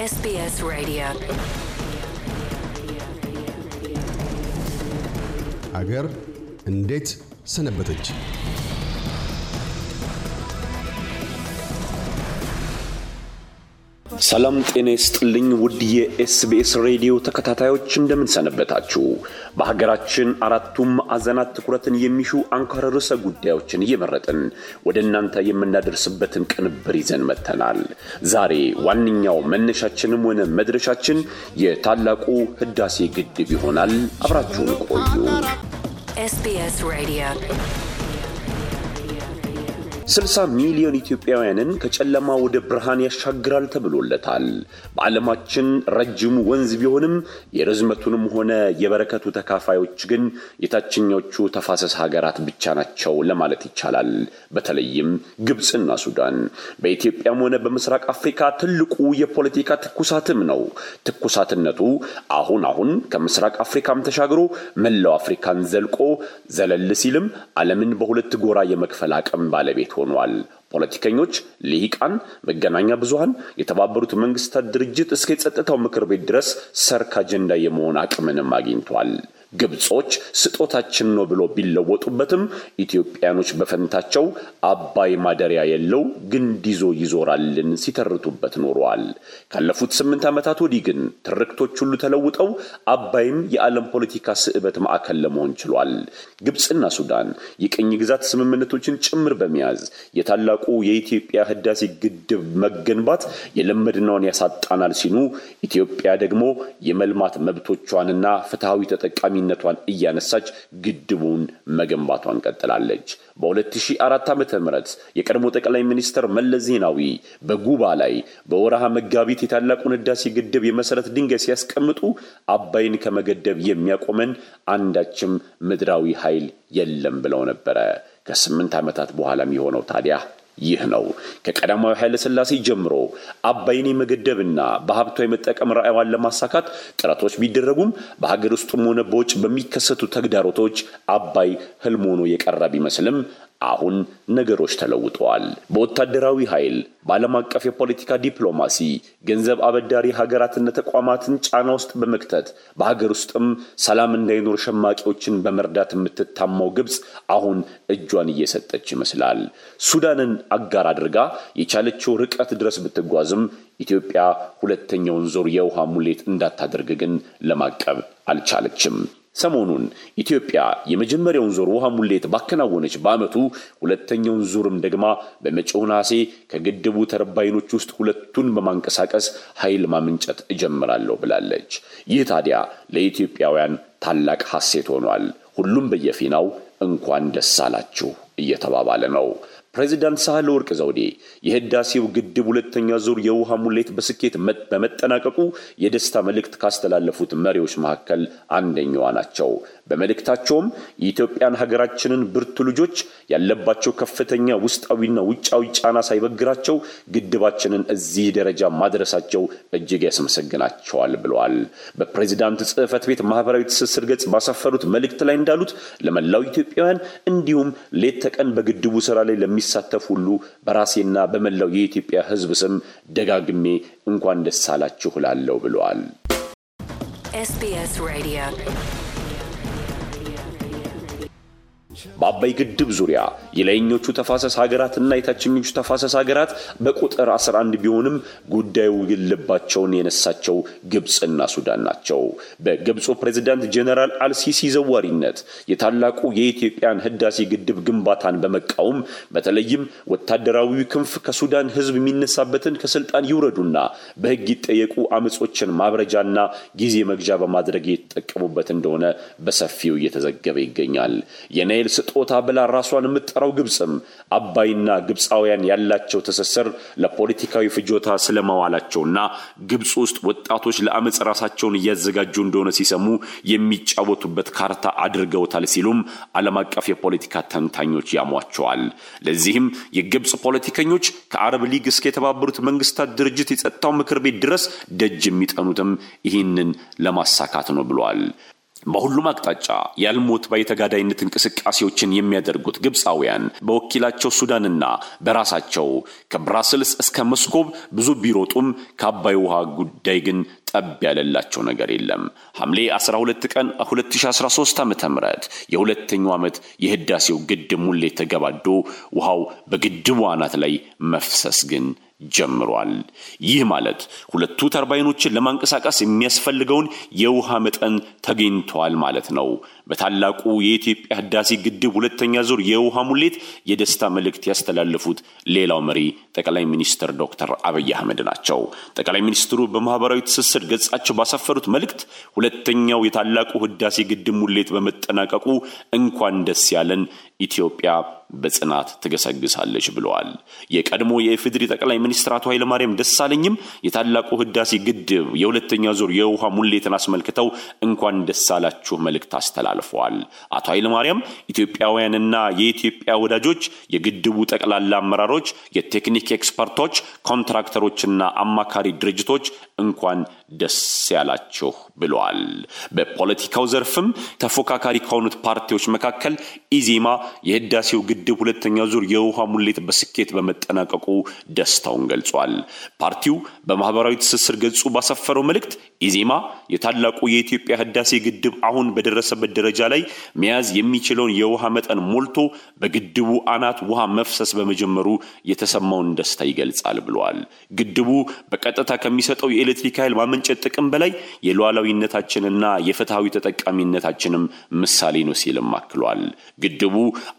SBS Radio. አገር እንዴት ሰነበተች? ሰላም ጤና ይስጥልኝ ውድ የኤስቢኤስ ሬዲዮ ተከታታዮች እንደምንሰነበታችሁ። በሀገራችን አራቱም ማዕዘናት ትኩረትን የሚሹ አንኳር ርዕሰ ጉዳዮችን እየመረጥን ወደ እናንተ የምናደርስበትን ቅንብር ይዘን መጥተናል። ዛሬ ዋነኛው መነሻችንም ሆነ መድረሻችን የታላቁ ህዳሴ ግድብ ይሆናል። አብራችሁን ቆዩ። ኤስቢኤስ ሬዲዮ 60 ሚሊዮን ኢትዮጵያውያንን ከጨለማ ወደ ብርሃን ያሻግራል ተብሎለታል። በዓለማችን ረጅሙ ወንዝ ቢሆንም የርዝመቱንም ሆነ የበረከቱ ተካፋዮች ግን የታችኞቹ ተፋሰስ ሀገራት ብቻ ናቸው ለማለት ይቻላል። በተለይም ግብፅና ሱዳን በኢትዮጵያም ሆነ በምስራቅ አፍሪካ ትልቁ የፖለቲካ ትኩሳትም ነው። ትኩሳትነቱ አሁን አሁን ከምስራቅ አፍሪካም ተሻግሮ መላው አፍሪካን ዘልቆ ዘለል ሲልም ዓለምን በሁለት ጎራ የመክፈል አቅም ባለቤት ምልክት ሆኗል። ፖለቲከኞች፣ ልሂቃን፣ መገናኛ ብዙሃን የተባበሩት መንግስታት ድርጅት እስከ የጸጥታው ምክር ቤት ድረስ ሰርክ አጀንዳ የመሆን አቅምንም አግኝቷል። ግብጾች ስጦታችን ነው ብሎ ቢለወጡበትም ኢትዮጵያኖች በፈንታቸው አባይ ማደሪያ የለው ግንድ ይዞ ይዞራልን ሲተርቱበት ኖረዋል። ካለፉት ስምንት ዓመታት ወዲህ ግን ትርክቶች ሁሉ ተለውጠው አባይም የዓለም ፖለቲካ ስዕበት ማዕከል ለመሆን ችሏል። ግብፅና ሱዳን የቅኝ ግዛት ስምምነቶችን ጭምር በመያዝ የታላቁ የኢትዮጵያ ህዳሴ ግድብ መገንባት የለመድናውን ያሳጣናል ሲሉ ኢትዮጵያ ደግሞ የመልማት መብቶቿንና ፍትሐዊ ተጠቃሚ ተፈጻሚነቷን እያነሳች ግድቡን መገንባቷን ቀጥላለች። በ2004 ዓ ም የቀድሞ ጠቅላይ ሚኒስትር መለስ ዜናዊ በጉባ ላይ በወረሃ መጋቢት የታላቁን ህዳሴ ግድብ የመሰረት ድንጋይ ሲያስቀምጡ አባይን ከመገደብ የሚያቆመን አንዳችም ምድራዊ ኃይል የለም ብለው ነበረ። ከስምንት ዓመታት በኋላም የሆነው ታዲያ ይህ ነው። ከቀዳማዊ ኃይለ ሥላሴ ጀምሮ አባይን የመገደብና በሀብቷ የመጠቀም ራዕይዋን ለማሳካት ጥረቶች ቢደረጉም በሀገር ውስጥም ሆነ በውጭ በሚከሰቱ ተግዳሮቶች አባይ ህልም ሆኖ የቀረ ቢመስልም አሁን ነገሮች ተለውጠዋል። በወታደራዊ ኃይል፣ በዓለም አቀፍ የፖለቲካ ዲፕሎማሲ፣ ገንዘብ አበዳሪ ሀገራትና ተቋማትን ጫና ውስጥ በመክተት በሀገር ውስጥም ሰላም እንዳይኖር ሸማቂዎችን በመርዳት የምትታማው ግብፅ አሁን እጇን እየሰጠች ይመስላል። ሱዳንን አጋር አድርጋ የቻለችው ርቀት ድረስ ብትጓዝም ኢትዮጵያ ሁለተኛውን ዞር የውሃ ሙሌት እንዳታደርግ ግን ለማቀብ አልቻለችም። ሰሞኑን ኢትዮጵያ የመጀመሪያውን ዙር ውሃ ሙሌት ባከናወነች በአመቱ ሁለተኛውን ዙርም ደግማ በመጪው ነሐሴ ከግድቡ ተርባይኖች ውስጥ ሁለቱን በማንቀሳቀስ ኃይል ማመንጨት እጀምራለሁ ብላለች። ይህ ታዲያ ለኢትዮጵያውያን ታላቅ ሐሴት ሆኗል። ሁሉም በየፊናው እንኳን ደስ አላችሁ እየተባባለ ነው። ፕሬዚዳንት ሳህለ ወርቅ ዘውዴ የህዳሴው ግድብ ሁለተኛ ዙር የውሃ ሙሌት በስኬት በመጠናቀቁ የደስታ መልእክት ካስተላለፉት መሪዎች መካከል አንደኛዋ ናቸው። በመልእክታቸውም የኢትዮጵያን ሀገራችንን ብርቱ ልጆች ያለባቸው ከፍተኛ ውስጣዊና ውጫዊ ጫና ሳይበግራቸው ግድባችንን እዚህ ደረጃ ማድረሳቸው እጅግ ያስመሰግናቸዋል ብለዋል። በፕሬዚዳንት ጽህፈት ቤት ማህበራዊ ትስስር ገጽ ባሰፈሩት መልእክት ላይ እንዳሉት ለመላው ኢትዮጵያውያን እንዲሁም ሌት ተቀን በግድቡ ስራ ላይ ለሚሳተፍ ሁሉ በራሴና በመላው የኢትዮጵያ ህዝብ ስም ደጋግሜ እንኳን ደስ አላችሁ እላለሁ ብለዋል። በአባይ ግድብ ዙሪያ የላይኞቹ ተፋሰስ ሀገራትና የታችኞቹ ተፋሰስ ሀገራት በቁጥር 11 ቢሆንም ጉዳዩ የለባቸውን የነሳቸው ግብፅና ሱዳን ናቸው። በግብፁ ፕሬዝዳንት ጀኔራል አልሲሲ ዘዋሪነት የታላቁ የኢትዮጵያን ህዳሴ ግድብ ግንባታን በመቃወም በተለይም ወታደራዊ ክንፍ ከሱዳን ህዝብ የሚነሳበትን ከስልጣን ይውረዱና በህግ ይጠየቁ አመጾችን ማብረጃና ጊዜ መግዣ በማድረግ የተጠቀሙበት እንደሆነ በሰፊው እየተዘገበ ይገኛል። የእስራኤል ስጦታ ብላ ራሷን የምትጠራው ግብፅም አባይና ግብፃውያን ያላቸው ትስስር ለፖለቲካዊ ፍጆታ ስለመዋላቸውና ግብፅ ውስጥ ወጣቶች ለአመፅ ራሳቸውን እያዘጋጁ እንደሆነ ሲሰሙ የሚጫወቱበት ካርታ አድርገውታል ሲሉም ዓለም አቀፍ የፖለቲካ ተንታኞች ያሟቸዋል። ለዚህም የግብፅ ፖለቲከኞች ከአረብ ሊግ እስከ የተባበሩት መንግስታት ድርጅት የጸጥታው ምክር ቤት ድረስ ደጅ የሚጠኑትም ይህንን ለማሳካት ነው ብሏል። በሁሉም አቅጣጫ ያልሞት ባይ ተጋዳይነት እንቅስቃሴዎችን የሚያደርጉት ግብፃውያን በወኪላቸው ሱዳንና በራሳቸው ከብራስልስ እስከ መስኮብ ብዙ ቢሮጡም ከአባይ ውሃ ጉዳይ ግን ጠብ ያለላቸው ነገር የለም። ሐምሌ 12 ቀን 2013 ዓ ም የሁለተኛው ዓመት የህዳሴው ግድብ ሙሌት ተገባዶ ውሃው በግድቡ አናት ላይ መፍሰስ ግን ጀምሯል። ይህ ማለት ሁለቱ ተርባይኖችን ለማንቀሳቀስ የሚያስፈልገውን የውሃ መጠን ተገኝቷል ማለት ነው። በታላቁ የኢትዮጵያ ህዳሴ ግድብ ሁለተኛ ዙር የውሃ ሙሌት የደስታ መልእክት ያስተላለፉት ሌላው መሪ ጠቅላይ ሚኒስትር ዶክተር አብይ አህመድ ናቸው። ጠቅላይ ሚኒስትሩ በማህበራዊ ትስስር ገጻቸው ባሰፈሩት መልእክት ሁለተኛው የታላቁ ህዳሴ ግድብ ሙሌት በመጠናቀቁ እንኳን ደስ ያለን ኢትዮጵያ በጽናት ትገሰግሳለች ብለዋል። የቀድሞ የኢፌዴሪ ጠቅላይ ሚኒስትር አቶ ኃይለማርያም ደሳለኝም የታላቁ ህዳሴ ግድብ የሁለተኛ ዙር የውሃ ሙሌትን አስመልክተው እንኳን ደሳላችሁ መልእክት አስተላልፈዋል። አቶ ኃይለማርያም ኢትዮጵያውያንና የኢትዮጵያ ወዳጆች፣ የግድቡ ጠቅላላ አመራሮች፣ የቴክኒክ ኤክስፐርቶች፣ ኮንትራክተሮችና አማካሪ ድርጅቶች እንኳን ደስ ያላችሁ ብለዋል። በፖለቲካው ዘርፍም ተፎካካሪ ከሆኑት ፓርቲዎች መካከል ኢዜማ የህዳሴው ግድብ ግድብ ሁለተኛ ዙር የውሃ ሙሌት በስኬት በመጠናቀቁ ደስታውን ገልጿል። ፓርቲው በማህበራዊ ትስስር ገጹ ባሰፈረው መልእክት ኢዜማ የታላቁ የኢትዮጵያ ህዳሴ ግድብ አሁን በደረሰበት ደረጃ ላይ መያዝ የሚችለውን የውሃ መጠን ሞልቶ በግድቡ አናት ውሃ መፍሰስ በመጀመሩ የተሰማውን ደስታ ይገልጻል ብለዋል። ግድቡ በቀጥታ ከሚሰጠው የኤሌክትሪክ ኃይል ማመንጨት ጥቅም በላይ የሉዓላዊነታችንና የፍትሐዊ ተጠቃሚነታችንም ምሳሌ ነው ሲልም አክሏል። ግድቡ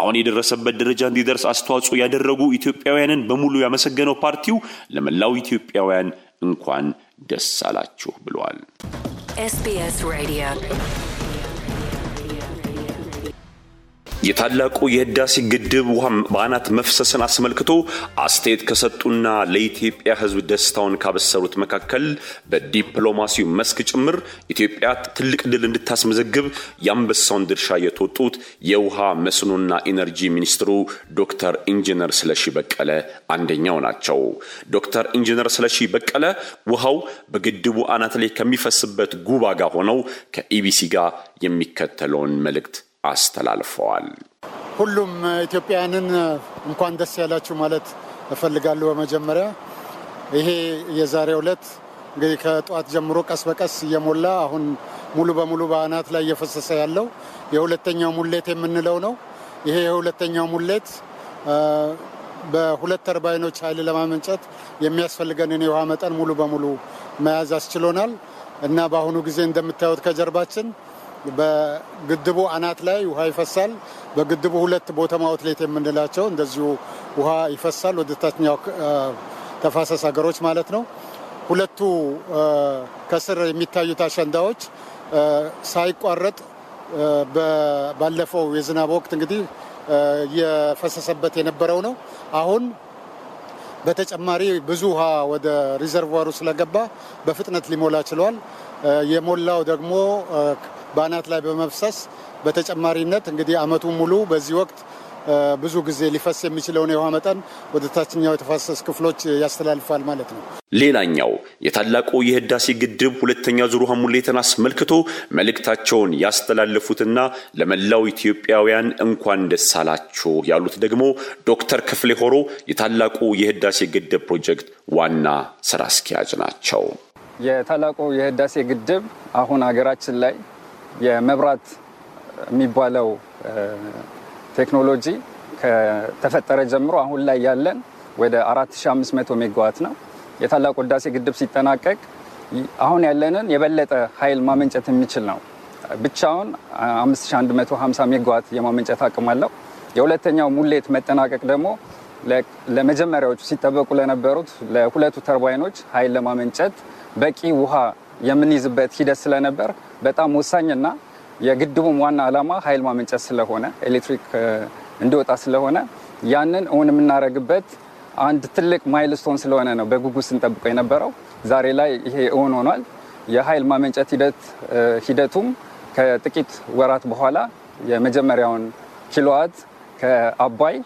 አሁን የደረሰ የደረሰበት ደረጃ እንዲደርስ አስተዋጽኦ ያደረጉ ኢትዮጵያውያንን በሙሉ ያመሰገነው ፓርቲው ለመላው ኢትዮጵያውያን እንኳን ደስ አላችሁ ብለዋል። ኤስቢኤስ ሬዲዮ የታላቁ የህዳሴ ግድብ ውሃ በአናት መፍሰስን አስመልክቶ አስተያየት ከሰጡና ለኢትዮጵያ ህዝብ ደስታውን ካበሰሩት መካከል በዲፕሎማሲው መስክ ጭምር ኢትዮጵያ ትልቅ ድል እንድታስመዘግብ የአንበሳውን ድርሻ የተወጡት የውሃ መስኖና ኢነርጂ ሚኒስትሩ ዶክተር ኢንጂነር ስለሺ በቀለ አንደኛው ናቸው። ዶክተር ኢንጂነር ስለሺ በቀለ ውሃው በግድቡ አናት ላይ ከሚፈስበት ጉባ ጋር ሆነው ከኢቢሲ ጋር የሚከተለውን መልእክት አስተላልፈዋል። ሁሉም ኢትዮጵያውያንን እንኳን ደስ ያላችሁ ማለት እፈልጋለሁ። በመጀመሪያ ይሄ የዛሬ ዕለት እንግዲህ ከጠዋት ጀምሮ ቀስ በቀስ እየሞላ አሁን ሙሉ በሙሉ በአናት ላይ እየፈሰሰ ያለው የሁለተኛው ሙሌት የምንለው ነው። ይሄ የሁለተኛው ሙሌት በሁለት ተርባይኖች ኃይል ለማመንጨት የሚያስፈልገንን የውሃ መጠን ሙሉ በሙሉ መያዝ አስችሎናል እና በአሁኑ ጊዜ እንደምታዩት ከጀርባችን በግድቡ አናት ላይ ውሃ ይፈሳል። በግድቡ ሁለት ቦተም አውትሌት የምንላቸው እንደዚሁ ውሃ ይፈሳል ወደ ታችኛው ተፋሰስ ሀገሮች ማለት ነው። ሁለቱ ከስር የሚታዩት አሸንዳዎች ሳይቋረጥ ባለፈው የዝናብ ወቅት እንግዲህ የፈሰሰበት የነበረው ነው። አሁን በተጨማሪ ብዙ ውሃ ወደ ሪዘርቫሩ ስለገባ በፍጥነት ሊሞላ ችሏል። የሞላው ደግሞ በአናት ላይ በመፍሰስ በተጨማሪነት እንግዲህ አመቱ ሙሉ በዚህ ወቅት ብዙ ጊዜ ሊፈስ የሚችለውን የውሃ መጠን ወደ ታችኛው የተፋሰስ ክፍሎች ያስተላልፋል ማለት ነው። ሌላኛው የታላቁ የህዳሴ ግድብ ሁለተኛ ዙር ውሃ ሙሌትን አስመልክቶ መልእክታቸውን ያስተላለፉትና ለመላው ኢትዮጵያውያን እንኳን ደስ አላችሁ ያሉት ደግሞ ዶክተር ክፍሌ ሆሮ የታላቁ የህዳሴ ግድብ ፕሮጀክት ዋና ስራ አስኪያጅ ናቸው። የታላቁ የህዳሴ ግድብ አሁን ሀገራችን ላይ የመብራት የሚባለው ቴክኖሎጂ ከተፈጠረ ጀምሮ አሁን ላይ ያለን ወደ 4500 ሜጋዋት ነው። የታላቁ ህዳሴ ግድብ ሲጠናቀቅ አሁን ያለንን የበለጠ ኃይል ማመንጨት የሚችል ነው። ብቻውን 5150 ሜጋዋት የማመንጨት አቅም አለው። የሁለተኛው ሙሌት መጠናቀቅ ደግሞ ለመጀመሪያዎቹ ሲጠበቁ ለነበሩት ለሁለቱ ተርባይኖች ኃይል ለማመንጨት በቂ ውሃ የምንይዝበት ሂደት ስለነበር በጣም ወሳኝና የግድቡም ዋና ዓላማ ኃይል ማመንጨት ስለሆነ ኤሌክትሪክ እንዲወጣ ስለሆነ ያንን እውን የምናደርግበት አንድ ትልቅ ማይልስቶን ስለሆነ ነው በጉጉት ስንጠብቀው የነበረው። ዛሬ ላይ ይሄ እውን ሆኗል። የኃይል ማመንጨት ሂደቱም ከጥቂት ወራት በኋላ የመጀመሪያውን ኪሎዋት ከአባይ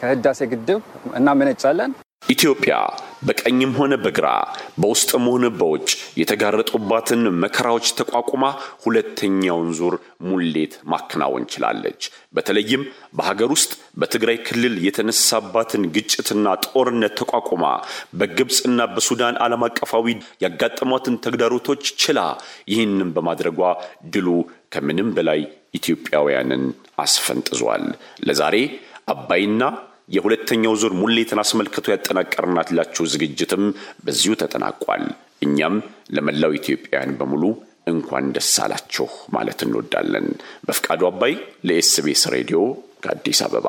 ከህዳሴ ግድብ እናመነጫለን። ኢትዮጵያ በቀኝም ሆነ በግራ በውስጥም ሆነ በውጭ የተጋረጡባትን መከራዎች ተቋቁማ ሁለተኛውን ዙር ሙሌት ማከናወን ችላለች። በተለይም በሀገር ውስጥ በትግራይ ክልል የተነሳባትን ግጭትና ጦርነት ተቋቁማ በግብፅና በሱዳን ዓለም አቀፋዊ ያጋጠሟትን ተግዳሮቶች ችላ፣ ይህንም በማድረጓ ድሉ ከምንም በላይ ኢትዮጵያውያንን አስፈንጥዟል። ለዛሬ አባይና የሁለተኛው ዙር ሙሌትን አስመልክቶ ያጠናቀርናላችሁ ዝግጅትም በዚሁ ተጠናቋል። እኛም ለመላው ኢትዮጵያውያን በሙሉ እንኳን ደስ አላችሁ ማለት እንወዳለን። በፍቃዱ አባይ ለኤስቢኤስ ሬዲዮ ከአዲስ አበባ